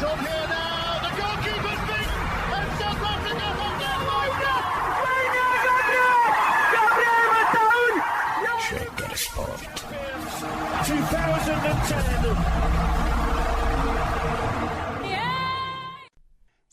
He's up here.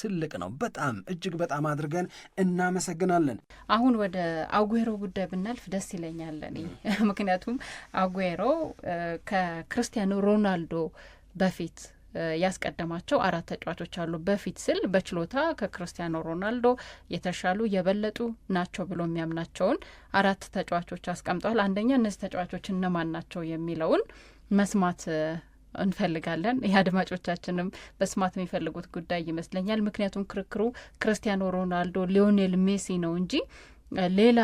ትልቅ ነው። በጣም እጅግ በጣም አድርገን እናመሰግናለን። አሁን ወደ አጉዌሮ ጉዳይ ብናልፍ ደስ ይለኛል እኔ ምክንያቱም አጉዌሮ ከክርስቲያኖ ሮናልዶ በፊት ያስቀደማቸው አራት ተጫዋቾች አሉ። በፊት ስል በችሎታ ከክርስቲያኖ ሮናልዶ የተሻሉ የበለጡ ናቸው ብሎ የሚያምናቸውን አራት ተጫዋቾች አስቀምጠዋል። አንደኛ እነዚህ ተጫዋቾች እነማን ናቸው የሚለውን መስማት እንፈልጋለን። የአድማጮቻችንም በስማት የሚፈልጉት ጉዳይ ይመስለኛል። ምክንያቱም ክርክሩ ክርስቲያኖ ሮናልዶ፣ ሊዮኔል ሜሲ ነው እንጂ ሌላ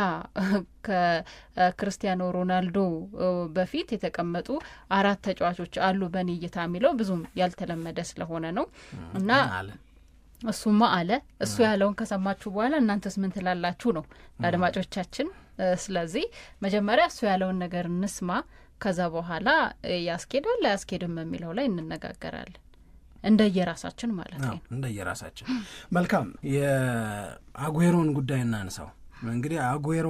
ከክርስቲያኖ ሮናልዶ በፊት የተቀመጡ አራት ተጫዋቾች አሉ በእኔ እይታ የሚለው ብዙም ያልተለመደ ስለሆነ ነው እና እሱማ አለ እሱ ያለውን ከሰማችሁ በኋላ እናንተስ ምን ትላላችሁ ነው አድማጮቻችን። ስለዚህ መጀመሪያ እሱ ያለውን ነገር እንስማ። ከዛ በኋላ ያስኬዳል አያስኬድም የሚለው ላይ እንነጋገራለን። እንደየራሳችን ማለት ነው። እንደየራሳችን መልካም። የአጉዌሮን ጉዳይ እናንሳው። እንግዲህ አጉዌሮ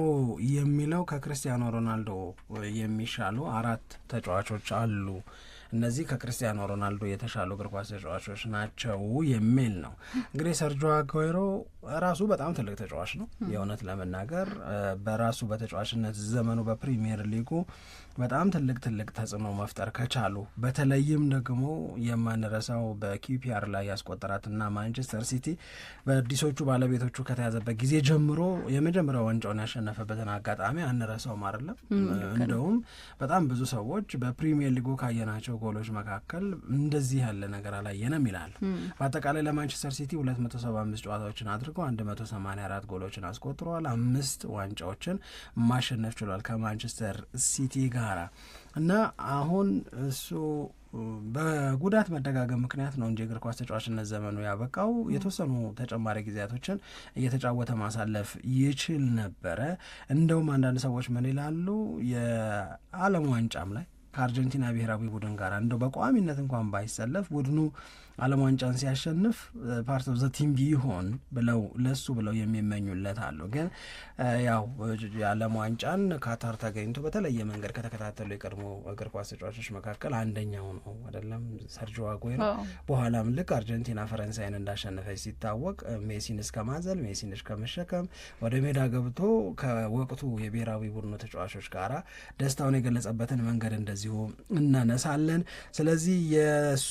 የሚለው ከክርስቲያኖ ሮናልዶ የሚሻሉ አራት ተጫዋቾች አሉ። እነዚህ ከክርስቲያኖ ሮናልዶ የተሻሉ እግር ኳስ ተጫዋቾች ናቸው የሚል ነው። እንግዲህ ሰርጆ አጉዌሮ ራሱ በጣም ትልቅ ተጫዋች ነው። የእውነት ለመናገር በራሱ በተጫዋችነት ዘመኑ በፕሪሚየር ሊጉ በጣም ትልቅ ትልቅ ተጽዕኖ መፍጠር ከቻሉ በተለይም ደግሞ የማንረሳው በኪውፒአር ላይ ያስቆጠራትና ማንቸስተር ሲቲ በአዲሶቹ ባለቤቶቹ ከተያዘበት ጊዜ ጀምሮ የመጀመሪያ ዋንጫውን ያሸነፈበትን አጋጣሚ አንረሳውም አይደለም። እንደውም በጣም ብዙ ሰዎች በፕሪሚየር ሊጉ ካየናቸው ጎሎች መካከል እንደዚህ ያለ ነገር አላየንም ይላል። በአጠቃላይ ለማንቸስተር ሲቲ አምስት ጨዋታዎችን አድርገው አድርገው 184 ጎሎችን አስቆጥረዋል። አምስት ዋንጫዎችን ማሸነፍ ችሏል ከማንቸስተር ሲቲ ጋራ እና አሁን እሱ በጉዳት መደጋገም ምክንያት ነው እንጂ እግር ኳስ ተጫዋችነት ዘመኑ ያበቃው። የተወሰኑ ተጨማሪ ጊዜያቶችን እየተጫወተ ማሳለፍ ይችል ነበረ። እንደውም አንዳንድ ሰዎች ምን ይላሉ፣ የዓለም ዋንጫም ላይ ከአርጀንቲና ብሔራዊ ቡድን ጋር እንደው በቋሚነት እንኳን ባይሰለፍ ቡድኑ ዓለም ዋንጫን ሲያሸንፍ ፓርት ኦፍ ዘ ቲም ቢሆን ብለው ለሱ ብለው የሚመኙለት አሉ። ግን ያው የዓለም ዋንጫን ካታር ተገኝቶ በተለየ መንገድ ከተከታተሉ የቀድሞ እግር ኳስ ተጫዋቾች መካከል አንደኛው ነው አይደለም ሰርጅ አጉዌሮ። በኋላም ልክ አርጀንቲና ፈረንሳይን እንዳሸነፈች ሲታወቅ ሜሲን እስከ ማዘል ሜሲን እስከ መሸከም ወደ ሜዳ ገብቶ ከወቅቱ የብሔራዊ ቡድኑ ተጫዋቾች ጋራ ደስታውን የገለጸበትን መንገድ እንደዚሁ እናነሳለን። ስለዚህ የእሱ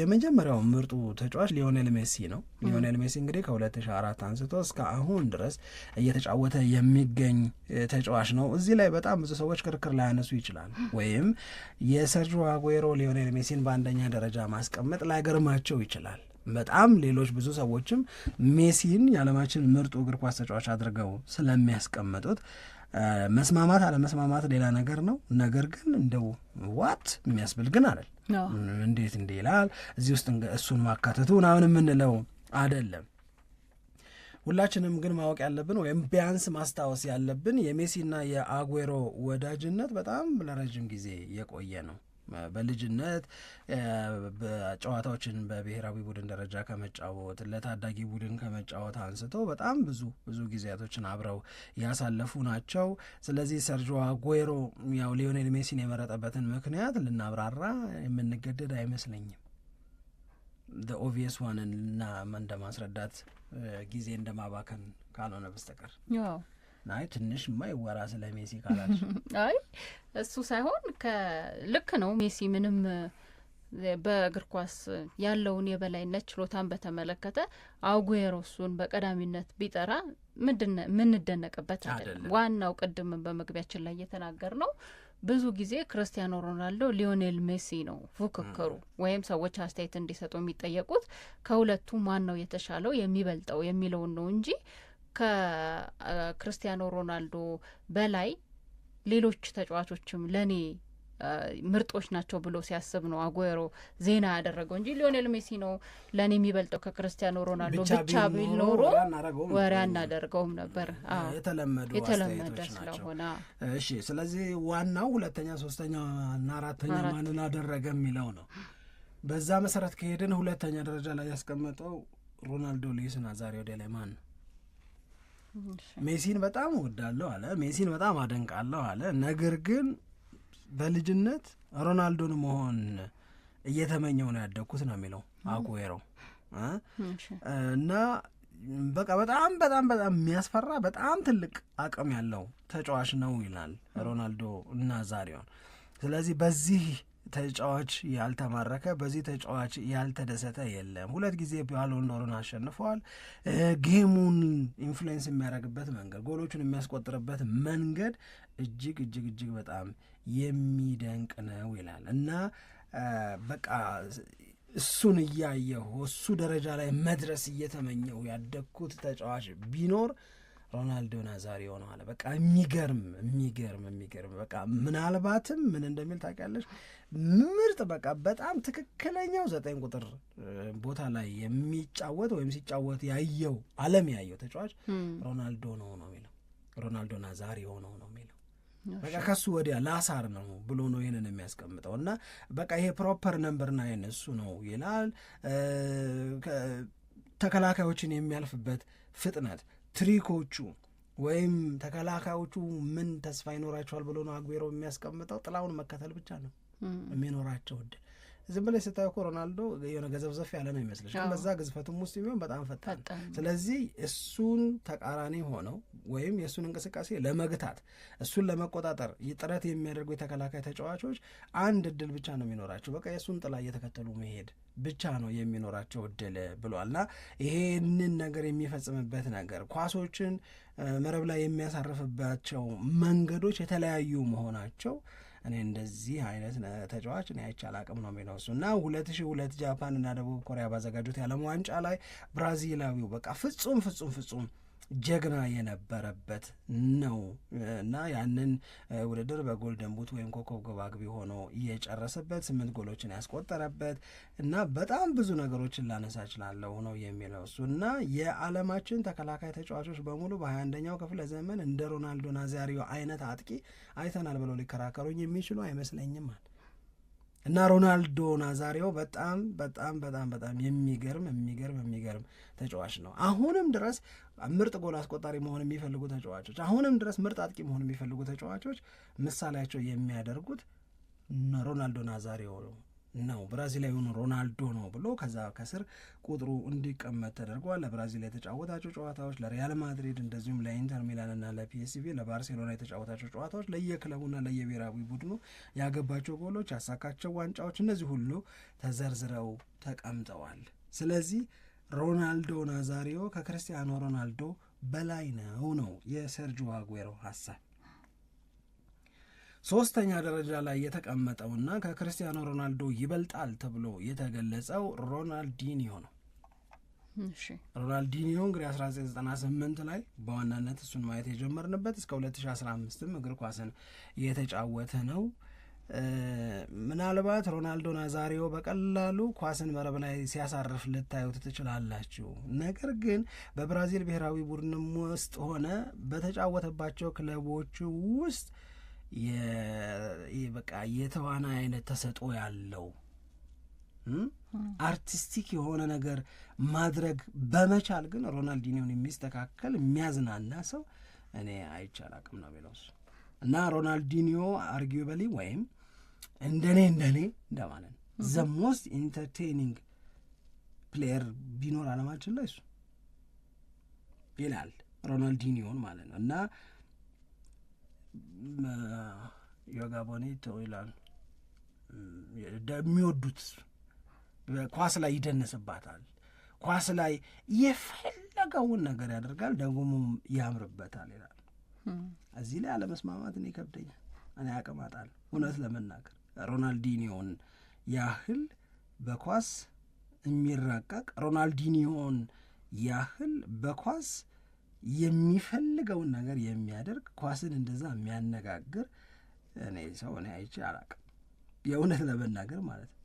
የመጀመሪያው ያው ምርጡ ተጫዋች ሊዮኔል ሜሲ ነው። ሊዮኔል ሜሲ እንግዲህ ከ2004 አንስቶ እስከ አሁን ድረስ እየተጫወተ የሚገኝ ተጫዋች ነው። እዚህ ላይ በጣም ብዙ ሰዎች ክርክር ላያነሱ ይችላል፣ ወይም የሰርጆ አጉዌሮ ሊዮኔል ሜሲን በአንደኛ ደረጃ ማስቀመጥ ላይገርማቸው ይችላል። በጣም ሌሎች ብዙ ሰዎችም ሜሲን የዓለማችን ምርጡ እግር ኳስ ተጫዋች አድርገው ስለሚያስቀምጡት መስማማት አለመስማማት ሌላ ነገር ነው። ነገር ግን እንደው ዋት የሚያስብል ግን አለ እንዴት እንዲ ይላል እዚህ ውስጥ እሱን ማካተቱ ምናምን የምንለው አይደለም። ሁላችንም ግን ማወቅ ያለብን ወይም ቢያንስ ማስታወስ ያለብን የሜሲና የአጉዌሮ ወዳጅነት በጣም ለረጅም ጊዜ የቆየ ነው። በልጅነት ጨዋታዎችን በብሔራዊ ቡድን ደረጃ ከመጫወት ለታዳጊ ቡድን ከመጫወት አንስቶ በጣም ብዙ ብዙ ጊዜያቶችን አብረው ያሳለፉ ናቸው። ስለዚህ ሰርጆ አጉዌሮ ያው ሊዮኔል ሜሲን የመረጠበትን ምክንያት ልናብራራ የምንገደድ አይመስለኝም። ኦቪየስ ዋንን እና እንደማስረዳት ጊዜ እንደማባከን ካልሆነ በስተቀር አይ ትንሽ ይወራ ስለ ሜሲ ካላች፣ አይ እሱ ሳይሆን ከልክ ነው። ሜሲ ምንም በእግር ኳስ ያለውን የበላይነት ችሎታን በተመለከተ አጉዌሮ እሱን በቀዳሚነት ቢጠራ የምንደነቅበት አይደለም። ዋናው ቅድም በመግቢያችን ላይ እየተናገር ነው ብዙ ጊዜ ክርስቲያኖ ሮናልዶ፣ ሊዮኔል ሜሲ ነው ፉክክሩ ወይም ሰዎች አስተያየት እንዲሰጡ የሚጠየቁት ከሁለቱ ማን ነው የተሻለው የሚበልጠው የሚለውን ነው እንጂ ከክርስቲያኖ ሮናልዶ በላይ ሌሎች ተጫዋቾችም ለእኔ ምርጦች ናቸው ብሎ ሲያስብ ነው አጉዌሮ ዜና ያደረገው እንጂ ሊዮኔል ሜሲ ነው ለእኔ የሚበልጠው ከክርስቲያኖ ሮናልዶ ብቻ ቢል ኖሮ ወሬ አናደርገውም ነበር። የተለመደ ስለሆነ እሺ። ስለዚህ ዋናው ሁለተኛ፣ ሶስተኛ እና አራተኛ ማንን አደረገ የሚለው ነው። በዛ መሰረት ከሄድን ሁለተኛ ደረጃ ላይ ያስቀመጠው ሮናልዶ ሊዩስና ዛሬ ወደ ላይ ማን ነው? ሜሲን በጣም ወዳለሁ አለ። ሜሲን በጣም አደንቃለሁ አለ። ነገር ግን በልጅነት ሮናልዶን መሆን እየተመኘው ነው ያደግኩት ነው የሚለው አጉዌሮ እና በቃ በጣም በጣም በጣም የሚያስፈራ በጣም ትልቅ አቅም ያለው ተጫዋች ነው ይላል ሮናልዶ እና ዛሬውን ስለዚህ በዚህ ተጫዋች ያልተማረከ በዚህ ተጫዋች ያልተደሰተ የለም። ሁለት ጊዜ ባሎን አሸንፈዋል። ጌሙን ኢንፍሉዌንስ የሚያደርግበት መንገድ፣ ጎሎቹን የሚያስቆጥርበት መንገድ እጅግ እጅግ እጅግ በጣም የሚደንቅ ነው ይላል እና በቃ እሱን እያየሁ እሱ ደረጃ ላይ መድረስ እየተመኘሁ ያደግኩት ተጫዋች ቢኖር ሮናልዶ ናዛሪዮ ነው አለ። በቃ የሚገርም የሚገርም የሚገርም በቃ ምናልባትም ምን እንደሚል ታውቂያለሽ? ምርጥ በቃ በጣም ትክክለኛው ዘጠኝ ቁጥር ቦታ ላይ የሚጫወት ወይም ሲጫወት ያየው ዓለም ያየው ተጫዋች ሮናልዶ ነው ነው የሚለው ሮናልዶ ናዛሪዮ ነው ነው የሚለው በቃ ከሱ ወዲያ ላሳር ነው ብሎ ነው ይህንን የሚያስቀምጠው እና በቃ ይሄ ፕሮፐር ነምበር ናይን እሱ ነው ይላል። ተከላካዮችን የሚያልፍበት ፍጥነት ትሪኮቹ ወይም ተከላካዮቹ ምን ተስፋ ይኖራቸዋል ብሎ ነው አግቤሮ የሚያስቀምጠው? ጥላውን መከተል ብቻ ነው የሚኖራቸው እድል ዝም ብለሽ ስታዩ እኮ ሮናልዶ የሆነ ዘፍ ያለ ነው ግን በዛ ግዝፈቱም ውስጥ ቢሆን በጣም ፈጣን። ስለዚህ እሱን ተቃራኒ ሆነው ወይም የእሱን እንቅስቃሴ ለመግታት እሱን ለመቆጣጠር ጥረት የሚያደርጉ የተከላካይ ተጫዋቾች አንድ እድል ብቻ ነው የሚኖራቸው፣ በቃ የእሱን ጥላ እየተከተሉ መሄድ ብቻ ነው የሚኖራቸው እድል ብሏልና ይሄንን ነገር የሚፈጽምበት ነገር ኳሶችን መረብ ላይ የሚያሳርፍባቸው መንገዶች የተለያዩ መሆናቸው እኔ እንደዚህ አይነት ተጫዋች እኔ አይቼ አላቅም ነው የሚለው እሱ እና ሁለት ሺህ ሁለት ጃፓን እና ደቡብ ኮሪያ ባዘጋጁት የዓለም ዋንጫ ላይ ብራዚላዊው በቃ ፍጹም ፍጹም ፍጹም ጀግና የነበረበት ነው እና ያንን ውድድር በጎል ደንቡት ወይም ኮከብ ግብ አግቢ ሆኖ የጨረሰበት ስምንት ጎሎችን ያስቆጠረበት እና በጣም ብዙ ነገሮችን ላነሳ እችላለሁ ነው የሚለው እሱ እና የዓለማችን ተከላካይ ተጫዋቾች በሙሉ በ ክፍለ ዘመን እንደ ሮናልዶ ናዛሪዮ አይነት አጥቂ አይተናል ብለው ሊከራከሩኝ የሚችሉ አይመስለኝም አለ። እና ሮናልዶ ናዛሪዮ በጣም በጣም በጣም በጣም የሚገርም የሚገርም የሚገርም ተጫዋች ነው። አሁንም ድረስ ምርጥ ጎል አስቆጣሪ መሆን የሚፈልጉ ተጫዋቾች፣ አሁንም ድረስ ምርጥ አጥቂ መሆን የሚፈልጉ ተጫዋቾች ምሳሌያቸው የሚያደርጉት ሮናልዶ ናዛሪዮ ነው ብራዚላዊውን ሮናልዶ ነው ብሎ ከዛ ከስር ቁጥሩ እንዲቀመጥ ተደርጓል። ለብራዚል የተጫወታቸው ጨዋታዎች ለሪያል ማድሪድ እንደዚሁም ለኢንተር ሚላንና ለፒኤስቪ ለባርሴሎና የተጫወታቸው ጨዋታዎች፣ ለየክለቡና ለየብሔራዊ ቡድኑ ያገባቸው ጎሎች፣ ያሳካቸው ዋንጫዎች እነዚህ ሁሉ ተዘርዝረው ተቀምጠዋል። ስለዚህ ሮናልዶ ናዛሪዮ ከክርስቲያኖ ሮናልዶ በላይ ነው ነው የሰርጂዮ አጉዌሮ ሀሳብ። ሶስተኛ ደረጃ ላይ የተቀመጠውና ከክርስቲያኖ ሮናልዶ ይበልጣል ተብሎ የተገለጸው ሮናልዲኒዮ ነው። ሮናልዲኒዮ እንግዲህ 1998 ላይ በዋናነት እሱን ማየት የጀመርንበት እስከ 2015ም እግር ኳስን የተጫወተ ነው። ምናልባት ሮናልዶ ናዛሪዮ በቀላሉ ኳስን መረብ ላይ ሲያሳርፍ ልታዩት ትችላላችሁ። ነገር ግን በብራዚል ብሔራዊ ቡድንም ውስጥ ሆነ በተጫወተባቸው ክለቦች ውስጥ በቃ የተዋና አይነት ተሰጥኦ ያለው አርቲስቲክ የሆነ ነገር ማድረግ በመቻል ግን ሮናልዲኒዮን የሚስተካከል የሚያዝናና ሰው እኔ አይቻል አቅም ነው ቢለውስ እና ሮናልዲኒዮ አርጊበሊ ወይም እንደኔ እንደኔ እንደማለት ዘ ሞስት ኢንተርቴኒንግ ፕሌየር ቢኖር አለማችን ላይ እሱ ይላል ሮናልዲኒዮን ማለት ነው እና ዮጋ ቦኔቶ ይላል የሚወዱት ኳስ ላይ ይደንስባታል። ኳስ ላይ የፈለገውን ነገር ያደርጋል፣ ደግሞ ያምርበታል ይላል። እዚህ ላይ አለመስማማት እኔ ይከብደኛል። እኔ ያቀማጣል እውነት ለመናገር ሮናልዲኒዮን ያህል በኳስ የሚራቀቅ ሮናልዲኒዮን ያህል በኳስ የሚፈልገውን ነገር የሚያደርግ ኳስን እንደዛ የሚያነጋግር እኔ ሰው እኔ አይቼ አላቅም፣ የእውነት ለመናገር ማለት ነው።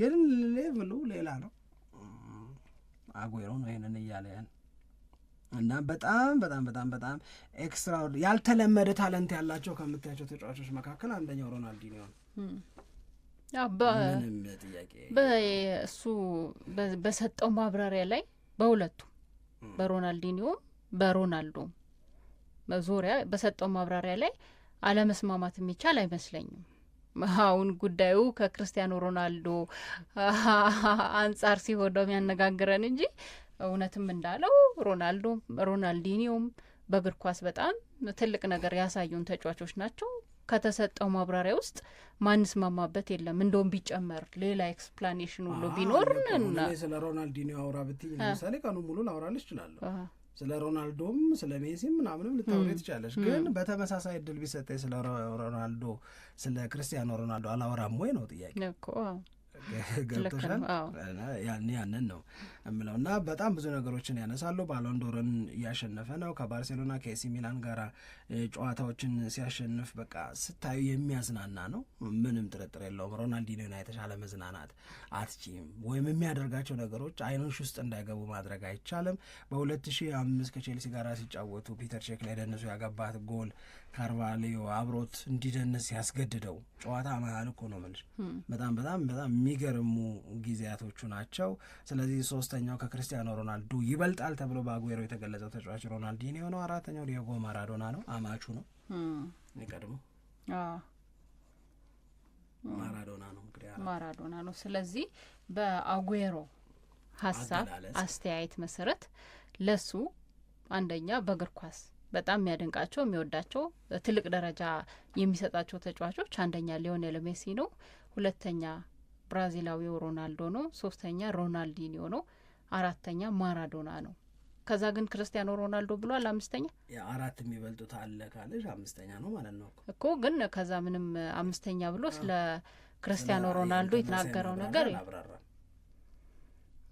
ግን ሌቭሉ ሌላ ነው። አጉዌሮ ነው ይህንን እያለ ያን እና በጣም በጣም በጣም በጣም ኤክስትራ ያልተለመደ ታለንት ያላቸው ከምታያቸው ተጫዋቾች መካከል አንደኛው ሮናልዲኒዮ ነው። በእሱ በሰጠው ማብራሪያ ላይ በሁለቱም በሮናልዲኒዮም በሮናልዶ ዙሪያ በሰጠው ማብራሪያ ላይ አለመስማማት የሚቻል አይመስለኝም። አሁን ጉዳዩ ከክርስቲያኖ ሮናልዶ አንጻር ሲሆን የሚያነጋግረን እንጂ እውነትም እንዳለው ሮናልዶ ሮናልዲኒዮም በእግር ኳስ በጣም ትልቅ ነገር ያሳዩን ተጫዋቾች ናቸው። ከተሰጠው ማብራሪያ ውስጥ ማንስማማበት የለም። እንደውም ቢጨመር ሌላ ኤክስፕላኔሽን ሁሉ ቢኖር ስለ ሮናልዲኒዮ አውራ ብትይ ለምሳሌ ቀኑ ሙሉ ላውራልሽ እችላለሁ ስለ ሮናልዶም ስለ ሜሲም ምናምንም ልታወሪ ትችላለች። ግን በተመሳሳይ እድል ቢሰጠኝ ስለ ሮናልዶ ስለ ክርስቲያኖ ሮናልዶ አላወራም ወይ ነው ጥያቄ ገብቶሻል። ያን ያንን ነው የምለው እና በጣም ብዙ ነገሮችን ያነሳሉ። ባሎንዶርን እያሸነፈ ነው ከባርሴሎና ከኤሲ ሚላን ጋር ጨዋታዎችን ሲያሸንፍ በቃ ስታዩ የሚያዝናና ነው፣ ምንም ጥርጥር የለውም። ሮናልዲኒና የተሻለ መዝናናት አትችም ወይም የሚያደርጋቸው ነገሮች አይኖች ውስጥ እንዳይገቡ ማድረግ አይቻልም። በ2005 ከቼልሲ ጋር ሲጫወቱ ፒተር ቼክ ላይ ደንሱ ያገባት ጎል ካርቫሌዮ አብሮት እንዲደንስ ያስገድደው ጨዋታ መሀል እኮ ነው የምልሽ። በጣም በጣም በጣም የሚገርሙ ጊዜያቶቹ ናቸው። ስለዚህ ሶስተኛው ከክርስቲያኖ ሮናልዶ ይበልጣል ተብሎ በአጉዌሮ የተገለጸው ተጫዋች ሮናልዲን የሆነው አራተኛው ዲየጎ ማራዶና ነው። አማቹ ነው ቀድሞ ማራዶና ነው እንግዲህ ማራዶና ነው። ስለዚህ በአጉዌሮ ሀሳብ አስተያየት መሰረት ለሱ አንደኛ በእግር ኳስ በጣም የሚያደንቃቸው የሚወዳቸው ትልቅ ደረጃ የሚሰጣቸው ተጫዋቾች አንደኛ ሊዮኔል ሜሲ ነው፣ ሁለተኛ ብራዚላዊው ሮናልዶ ነው፣ ሶስተኛ ሮናልዲኒዮ ነው፣ አራተኛ ማራዶና ነው። ከዛ ግን ክርስቲያኖ ሮናልዶ ብሏል። አምስተኛ አራት የሚበልጡት አለ ካለሽ አምስተኛ ነው ማለት ነው እኮ። ግን ከዛ ምንም አምስተኛ ብሎ ስለ ክርስቲያኖ ሮናልዶ የተናገረው ነገር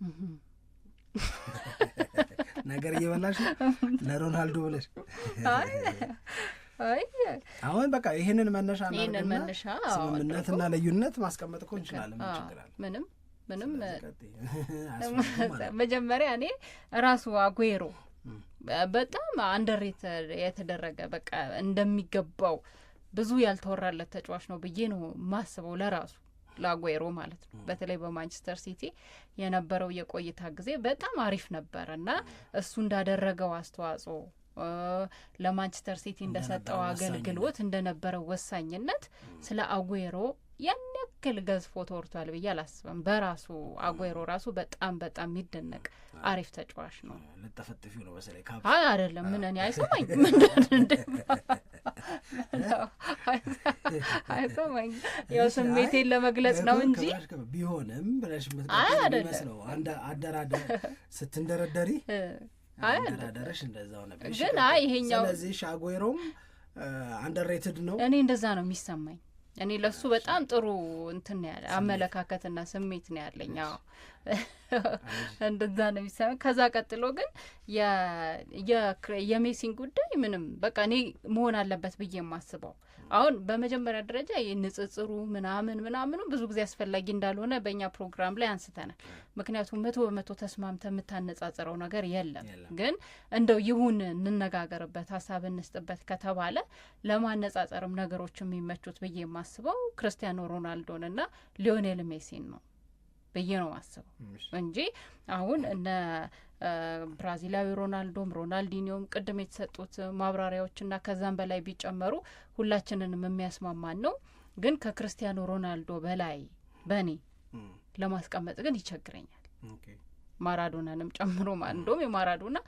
ነገር እየበላሽ ለሮናልዶ ብለሽ አሁን በቃ ይህንን መነሻ ስምምነትና ልዩነት ማስቀመጥ እኮ እንችላለን። ምንም ምንም መጀመሪያ እኔ ራሱ አጉሮ በጣም አንደሬት የተደረገ በቃ እንደሚገባው ብዙ ያልተወራለት ተጫዋች ነው ብዬ ነው ማስበው ለራሱ ለአጉዌሮ ማለት ነው። በተለይ በማንቸስተር ሲቲ የነበረው የቆይታ ጊዜ በጣም አሪፍ ነበር እና እሱ እንዳደረገው አስተዋጽኦ ለማንቸስተር ሲቲ እንደሰጠው አገልግሎት እንደነበረው ወሳኝነት ስለ አጉሮ ያን ያክል ገዝፎ ተወርቷል ብዬ አላስብም። በራሱ አጉሮ ራሱ በጣም በጣም የሚደነቅ አሪፍ ተጫዋች ነው። ልጠፈጥፊ ነው በተለይ አይ አይደለም ምን እኔ አይሰማኝ አይሰማኝ ያው ስሜቴን ለመግለጽ ነው እንጂ ቢሆንም ብለሽ ምትመስለው አደራደር ስትንደረደሪ አደራደረሽ እንደዛው ነበር። ግን ይሄኛው ስለዚህ አጉዌሮም አንደርሬትድ ነው። እኔ እንደዛ ነው የሚሰማኝ እኔ ለሱ በጣም ጥሩ እንትን ያለ አመለካከትና ስሜት ነው ያለኝ። አዎ እንደዛ ነው የሚሰማ። ከዛ ቀጥሎ ግን የሜሲን ጉዳይ ምንም በቃ እኔ መሆን አለበት ብዬ የማስበው አሁን በመጀመሪያ ደረጃ የንጽጽሩ ምናምን ምናምኑ ብዙ ጊዜ አስፈላጊ እንዳልሆነ በእኛ ፕሮግራም ላይ አንስተናል። ምክንያቱም መቶ በመቶ ተስማምተ የምታነጻጽረው ነገር የለም። ግን እንደው ይሁን እንነጋገርበት፣ ሀሳብ እንስጥበት ከተባለ ለማነጻጸርም ነገሮች የሚመቹት ብዬ የማስበው ክርስቲያኖ ሮናልዶንና ሊዮኔል ሜሲን ነው። ብዬ ነው ማስበው እንጂ አሁን እነ ብራዚላዊ ሮናልዶም ሮናልዲኒዮም ቅድም የተሰጡት ማብራሪያዎችና ከዛም በላይ ቢጨመሩ ሁላችንንም የሚያስማማን ነው። ግን ከክርስቲያኖ ሮናልዶ በላይ በእኔ ለማስቀመጥ ግን ይቸግረኛል። ማራዶናንም ጨምሮ ማ እንደውም የማራዶና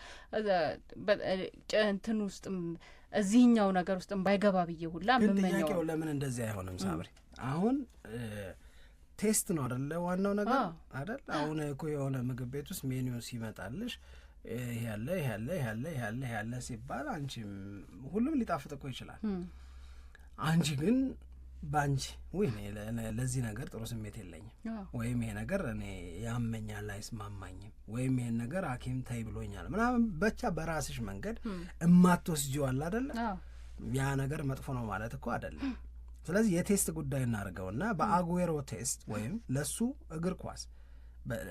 እንትን ውስጥ እዚህኛው ነገር ውስጥ ባይገባ ብዬ ሁላ ምመኘው። ለምን እንደዚህ አይሆንም? ሳምሪ አሁን ቴስት ነው አደለ? ዋናው ነገር አደል? አሁን እኮ የሆነ ምግብ ቤት ውስጥ ሜኒው ሲመጣልሽ ይህ ያለ ይህ ያለ ይህ ያለ ይህ ያለ ይህ ያለ ሲባል አንቺም ሁሉም ሊጣፍጥ እኮ ይችላል። አንቺ ግን ባንቺ ወይ ለዚህ ነገር ጥሩ ስሜት የለኝም፣ ወይም ይሄ ነገር እኔ ያመኛል፣ አይስማማኝም፣ ወይም ይሄን ነገር ሐኪም ተይ ብሎኛል ምናምን ብቻ በራስሽ መንገድ እማትወስጂዋል አደለ? ያ ነገር መጥፎ ነው ማለት እኮ አደለም። ስለዚህ የቴስት ጉዳይ እናደርገውና በአጉዌሮ ቴስት ወይም ለሱ እግር ኳስ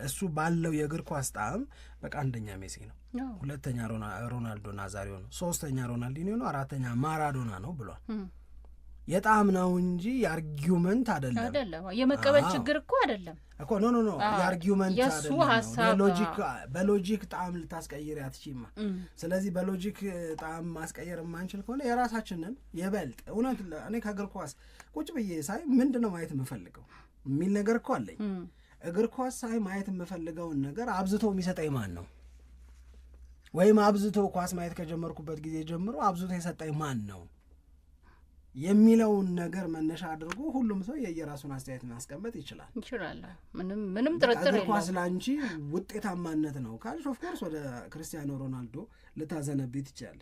እሱ ባለው የእግር ኳስ ጣዕም በቃ አንደኛ ሜሲ ነው፣ ሁለተኛ ሮናልዶ ናዛሪዮ ነው፣ ሶስተኛ ሮናልዲኒዮ ነው፣ አራተኛ ማራዶና ነው ብሏል። የጣም ነው እንጂ የአርጊመንት አይደለም። አይደለም የመቀበል ችግር እኮ አደለም እኮ ኖ ኖ ኖ የአርጊውመንት በሎጂክ ጣም ልታስቀይር ያትችማ። ስለዚህ በሎጂክ ጣም ማስቀየር የማንችል ከሆነ የራሳችንን የበልጥ እውነት እኔ ከእግር ኳስ ቁጭ ብዬ ሳይ ምንድን ነው ማየት የምፈልገው የሚል ነገር እኮ አለኝ። እግር ኳስ ሳይ ማየት የምፈልገውን ነገር አብዝቶ የሚሰጠኝ ማን ነው? ወይም አብዝቶ ኳስ ማየት ከጀመርኩበት ጊዜ ጀምሮ አብዝቶ የሰጠኝ ማን ነው የሚለውን ነገር መነሻ አድርጎ ሁሉም ሰው የየራሱን አስተያየት ማስቀመጥ ይችላል ይችላል። ምንም ጥርጥር የለም። ኳስ ለአንቺ ውጤታማነት ነው ካልሽ ኦፍኮርስ ወደ ክርስቲያኖ ሮናልዶ ልታዘነብይ ትችላል።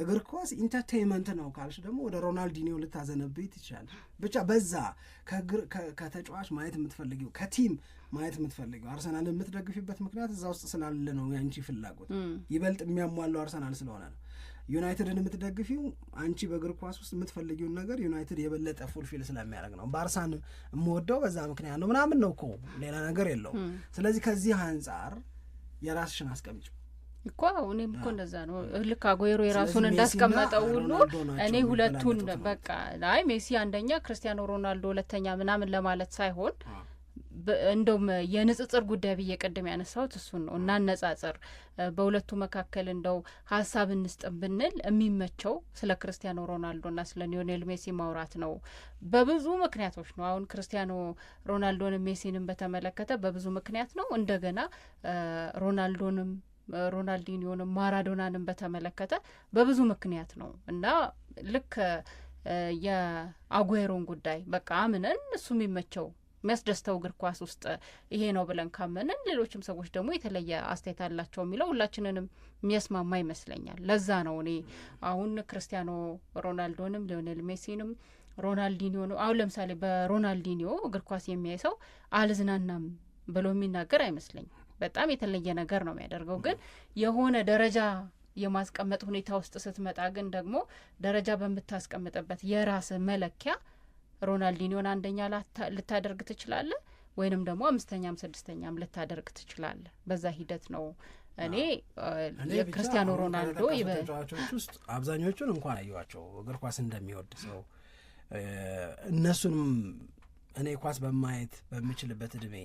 እግር ኳስ ኢንተርቴንመንት ነው ካልሽ ደግሞ ወደ ሮናልዲኒዮ ልታዘነብይ ትችላል። ብቻ በዛ ከተጫዋች ማየት የምትፈልጊው ከቲም ማየት የምትፈልጊው አርሰናል የምትደግፊበት ምክንያት እዛ ውስጥ ስላለ ነው። ያንቺ ፍላጎት ይበልጥ የሚያሟለው አርሰናል ስለሆነ ነው። ዩናይትድን የምትደግፊው አንቺ በእግር ኳስ ውስጥ የምትፈልጊውን ነገር ዩናይትድ የበለጠ ፉልፊል ስለሚያደርግ ነው። ባርሳን የምወደው በዛ ምክንያት ነው ምናምን ነው እኮ ሌላ ነገር የለው። ስለዚህ ከዚህ አንጻር የራስሽን አስቀምጭ እኮ እኔም እኮ እንደዛ ነው። ልክ አጎሮ የራሱን እንዳስቀመጠው ሁሉ እኔ ሁለቱን በቃ ላይ ሜሲ አንደኛ ክርስቲያኖ ሮናልዶ ሁለተኛ ምናምን ለማለት ሳይሆን እንደውም የንጽጽር ጉዳይ ብዬ ቅድም ያነሳሁት እሱን ነው። እናነጻጽር፣ በሁለቱ መካከል እንደው ሀሳብ እንስጥም ብንል የሚመቸው ስለ ክርስቲያኖ ሮናልዶና ስለ ሊዮኔል ሜሲ ማውራት ነው በብዙ ምክንያቶች ነው። አሁን ክርስቲያኖ ሮናልዶንም ሜሲንም በተመለከተ በብዙ ምክንያት ነው። እንደገና ሮናልዶንም ሮናልዲኒዮንም ማራዶናንም በተመለከተ በብዙ ምክንያት ነው እና ልክ የአጉሄሮን ጉዳይ በቃ አምነን እሱ የሚመቸው የሚያስደስተው እግር ኳስ ውስጥ ይሄ ነው ብለን ካመንን ሌሎችም ሰዎች ደግሞ የተለየ አስተያየት አላቸው የሚለው ሁላችንንም የሚያስማማ ይመስለኛል። ለዛ ነው እኔ አሁን ክርስቲያኖ ሮናልዶንም ሊዮኔል ሜሲንም ሮናልዲኒዮ ነው አሁን ለምሳሌ በሮናልዲኒዮ እግር ኳስ የሚያይ ሰው አልዝናናም ብሎ የሚናገር አይመስለኝም። በጣም የተለየ ነገር ነው የሚያደርገው። ግን የሆነ ደረጃ የማስቀመጥ ሁኔታ ውስጥ ስትመጣ ግን ደግሞ ደረጃ በምታስቀምጥበት የራስ መለኪያ ሮናልዲኒዮን አንደኛ ልታደርግ ትችላለ፣ ወይንም ደግሞ አምስተኛም ስድስተኛም ልታደርግ ትችላለ። በዛ ሂደት ነው። እኔ የክርስቲያኖ ሮናልዶ ተጫዋቾች ውስጥ አብዛኞቹን እንኳን አየኋቸው። እግር ኳስ እንደሚወድ ሰው እነሱንም እኔ ኳስ በማየት በምችልበት እድሜ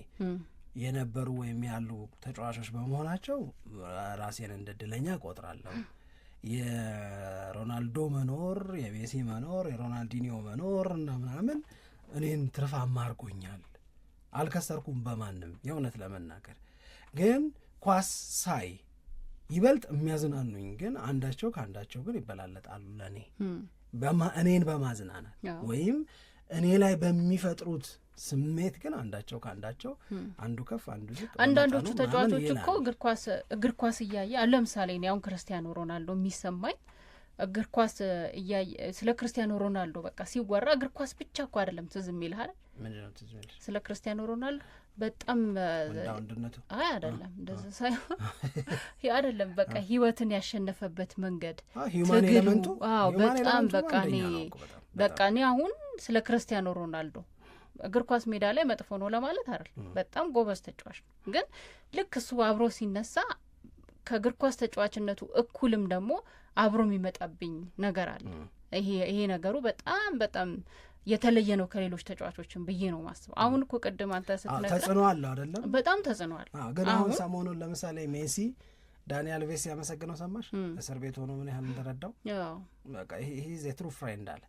የነበሩ ወይም ያሉ ተጫዋቾች በመሆናቸው ራሴን እንደ እድለኛ ቆጥራለሁ። የሮናልዶ መኖር የሜሲ መኖር የሮናልዲኒዮ መኖር እና ምናምን እኔን ትርፋማ አድርጎኛል። አልከሰርኩም በማንም የእውነት ለመናገር ግን ኳስ ሳይ ይበልጥ የሚያዝናኑኝ ግን አንዳቸው ከአንዳቸው ግን ይበላለጣሉ። ለእኔ እኔን በማዝናናት ወይም እኔ ላይ በሚፈጥሩት ስሜት ግን አንዳቸው ከአንዳቸው hmm. አንዱ ከፍ አንዱ ዝቅ። አንዳንዶቹ ተጫዋቾች እኮ እግር ኳስ እግር ኳስ እያየ ለምሳሌ እኔ አሁን ክርስቲያኖ ሮናልዶ የሚሰማኝ እግር ኳስ እያየ ስለ ክርስቲያኖ ሮናልዶ በቃ ሲወራ እግር ኳስ ብቻ እኮ አይደለም ትዝ የሚልሃል ስለ ክርስቲያኖ ሮናልዶ በጣም ወንድነቱ አይ አይደለም እንደዚ ሳይሆን አይደለም በቃ ህይወትን ያሸነፈበት መንገድ ትግሉ በጣም በቃ እኔ በቃ እኔ አሁን ስለ ክርስቲያኖ ሮናልዶ እግር ኳስ ሜዳ ላይ መጥፎ ነው ለማለት አይደል። በጣም ጎበዝ ተጫዋች ነው። ግን ልክ እሱ አብሮ ሲነሳ ከእግር ኳስ ተጫዋችነቱ እኩልም ደግሞ አብሮ የሚመጣብኝ ነገር አለ። ይሄ ይሄ ነገሩ በጣም በጣም የተለየ ነው ከሌሎች ተጫዋቾችን ብዬ ነው ማስበው። አሁን እኮ ቅድም አንተ ስትነግረን ተጽዕኖ አለ አይደለም፣ በጣም ተጽዕኖ አለ። ግን አሁን ሰሞኑን ለምሳሌ ሜሲ ዳንኤል አልቬስ ያመሰግነው ሰማሽ፣ እስር ቤት ሆኖ ምን ያህል እንደረዳው በቃ ይሄ የትሩ ፍሬንድ አለ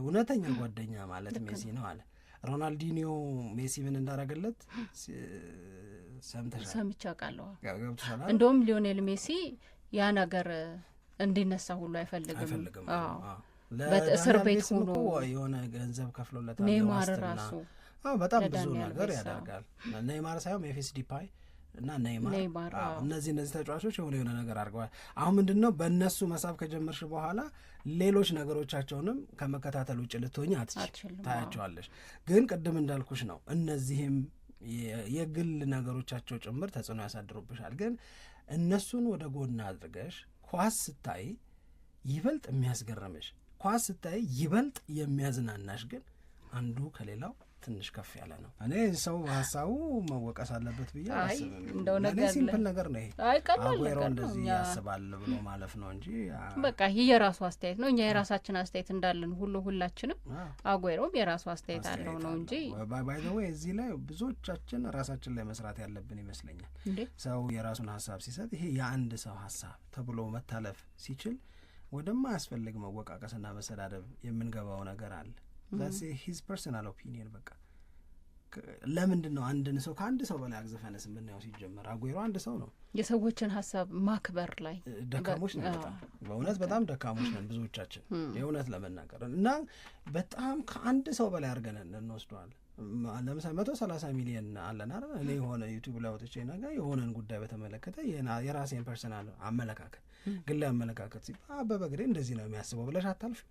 እውነተኛ ጓደኛ ማለት ሜሲ ነው አለ። ሮናልዲኒዮ ሜሲ ምን እንዳረገለት ሰምተሻል? ሰምቼ አውቃለሁ። እንደውም ሊዮኔል ሜሲ ያ ነገር እንዲነሳ ሁሉ አይፈልግም። በእስር ቤት ሆኖ የሆነ ገንዘብ ከፍሎለታል። ኔማር ራሱ በጣም ብዙ ነገር ያደርጋል። ኔማር ሳይሆን ሜፊስ ዲፓይ እና ነይማር እነዚህ እነዚህ ተጫዋቾች የሆነ የሆነ ነገር አድርገዋል። አሁን ምንድን ነው በእነሱ መሳብ ከጀመርሽ በኋላ ሌሎች ነገሮቻቸውንም ከመከታተል ውጭ ልትሆኝ አትችልም፣ ታያቸዋለሽ። ግን ቅድም እንዳልኩሽ ነው እነዚህም የግል ነገሮቻቸው ጭምር ተጽዕኖ ያሳድሩብሻል። ግን እነሱን ወደ ጎን አድርገሽ ኳስ ስታይ ይበልጥ የሚያስገርምሽ ኳስ ስታይ ይበልጥ የሚያዝናናሽ ግን አንዱ ከሌላው ትንሽ ከፍ ያለ ነው። እኔ ሰው ሀሳቡ መወቀስ አለበት ብዬ እኔ ሲምፕል ነገር ነው አጉዌሮ እንደዚህ ያስባል ብሎ ማለፍ ነው እንጂ በቃ ይህ የራሱ አስተያየት ነው። እኛ የራሳችን አስተያየት እንዳለን ሁሉ ሁላችንም አጎሮም የራሱ አስተያየት አለው ነው እንጂ ባይዘወ እዚህ ላይ ብዙዎቻችን ራሳችን ላይ መስራት ያለብን ይመስለኛል። ሰው የራሱን ሀሳብ ሲሰጥ ይሄ የአንድ ሰው ሀሳብ ተብሎ መታለፍ ሲችል ወደማያስፈልግ መወቃቀስና መሰዳደብ የምንገባው ነገር አለ። ዛስ ሂዝ ፐርሰናል ኦፒኒየን በቃ ለምንድን ነው አንድን ሰው ከአንድ ሰው በላይ አግዘፈነ ስምናየው ሲጀመር አጉሮ አንድ ሰው ነው። የሰዎችን ሀሳብ ማክበር ላይ ደካሞች ነን። በጣም በእውነት በጣም ደካሞች ነን ብዙዎቻችን፣ የእውነት ለመናገር እና በጣም ከአንድ ሰው በላይ አድርገን እንወስደዋል ለምሳሌ መቶ ሰላሳ ሚሊየን አለን አ እኔ የሆነ ዩቲዩብ ላይ ወጥቼ ነገር የሆነን ጉዳይ በተመለከተ የራሴን ፐርሰናል አመለካከት ግላዊ አመለካከት ሲባል አበበ ግዴ እንደዚህ ነው የሚያስበው ብለሽ አታልፊ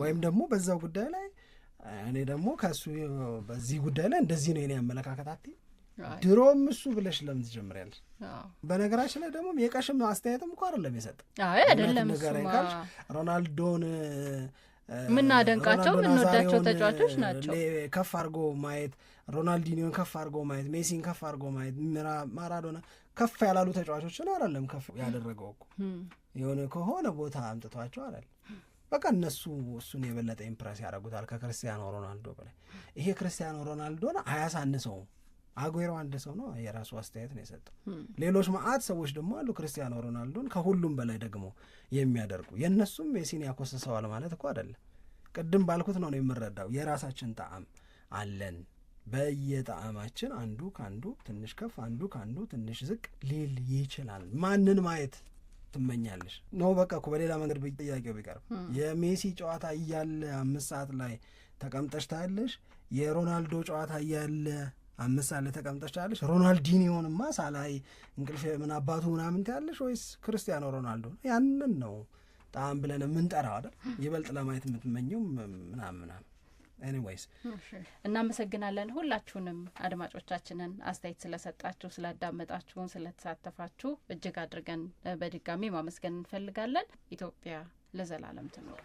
ወይም ደግሞ በዛው ጉዳይ ላይ እኔ ደግሞ ከሱ በዚህ ጉዳይ ላይ እንደዚህ ነው የኔ አመለካከት ድሮም እሱ ብለሽ ለምን ትጀምሪያለሽ? በነገራችን ላይ ደግሞ የቀሽም አስተያየትም እኮ አይደለም የሰጠ አይደለም ሮናልዶን የምናደንቃቸው የምንወዳቸው ተጫዋቾች ናቸው። ከፍ አድርጎ ማየት ሮናልዲኒዮን ከፍ አድርጎ ማየት ሜሲን ከፍ አድርጎ ማየት ማራዶና ከፍ ያላሉ ተጫዋቾችን አይደለም ከፍ ያደረገው እኮ የሆነ ከሆነ ቦታ አምጥቷቸው አይደለም በቃ እነሱ እሱን የበለጠ ኢምፕረስ ያደርጉታል ከክርስቲያኖ ሮናልዶ በላይ። ይሄ ክርስቲያኖ ሮናልዶን አያሳንሰውም። አጉሮ አንድ ሰው ነው፣ የራሱ አስተያየት ነው የሰጠው። hmm. ሌሎች መዓት ሰዎች ደግሞ አሉ ክርስቲያኖ ሮናልዶን ከሁሉም በላይ ደግሞ የሚያደርጉ። የእነሱም የሲኒ ያኮስሰዋል ማለት እኮ አይደለም። ቅድም ባልኩት ነው ነው የምረዳው። የራሳችን ጣዕም አለን። በየጣዕማችን አንዱ ከአንዱ ትንሽ ከፍ፣ አንዱ ከአንዱ ትንሽ ዝቅ ሊል ይችላል። ማንን ማየት ትመኛለሽ? ነው በቃ እኮ በሌላ መንገድ ጥያቄው ቢቀርብ የሜሲ ጨዋታ እያለ አምስት ሰዓት ላይ ተቀምጠሽ ታያለሽ? የሮናልዶ ጨዋታ እያለ አምስት ሰዓት ላይ ተቀምጠሽ ታያለሽ? ሮናልዲኒዮንማ ሳላይ እንቅልፍ ምን አባቱ ምናምን ታያለሽ? ወይስ ክርስቲያኖ ሮናልዶ ያንን ነው ጣም ብለን የምንጠራው አይደል? ይበልጥ ለማየት የምትመኘው ምናምን ምናምን ኤኒዌይስ እናመሰግናለን ሁላችሁንም አድማጮቻችንን አስተያየት ስለሰጣችሁ ስላዳመጣችሁን ስለተሳተፋችሁ እጅግ አድርገን በድጋሚ ማመስገን እንፈልጋለን ኢትዮጵያ ለዘላለም ትኖር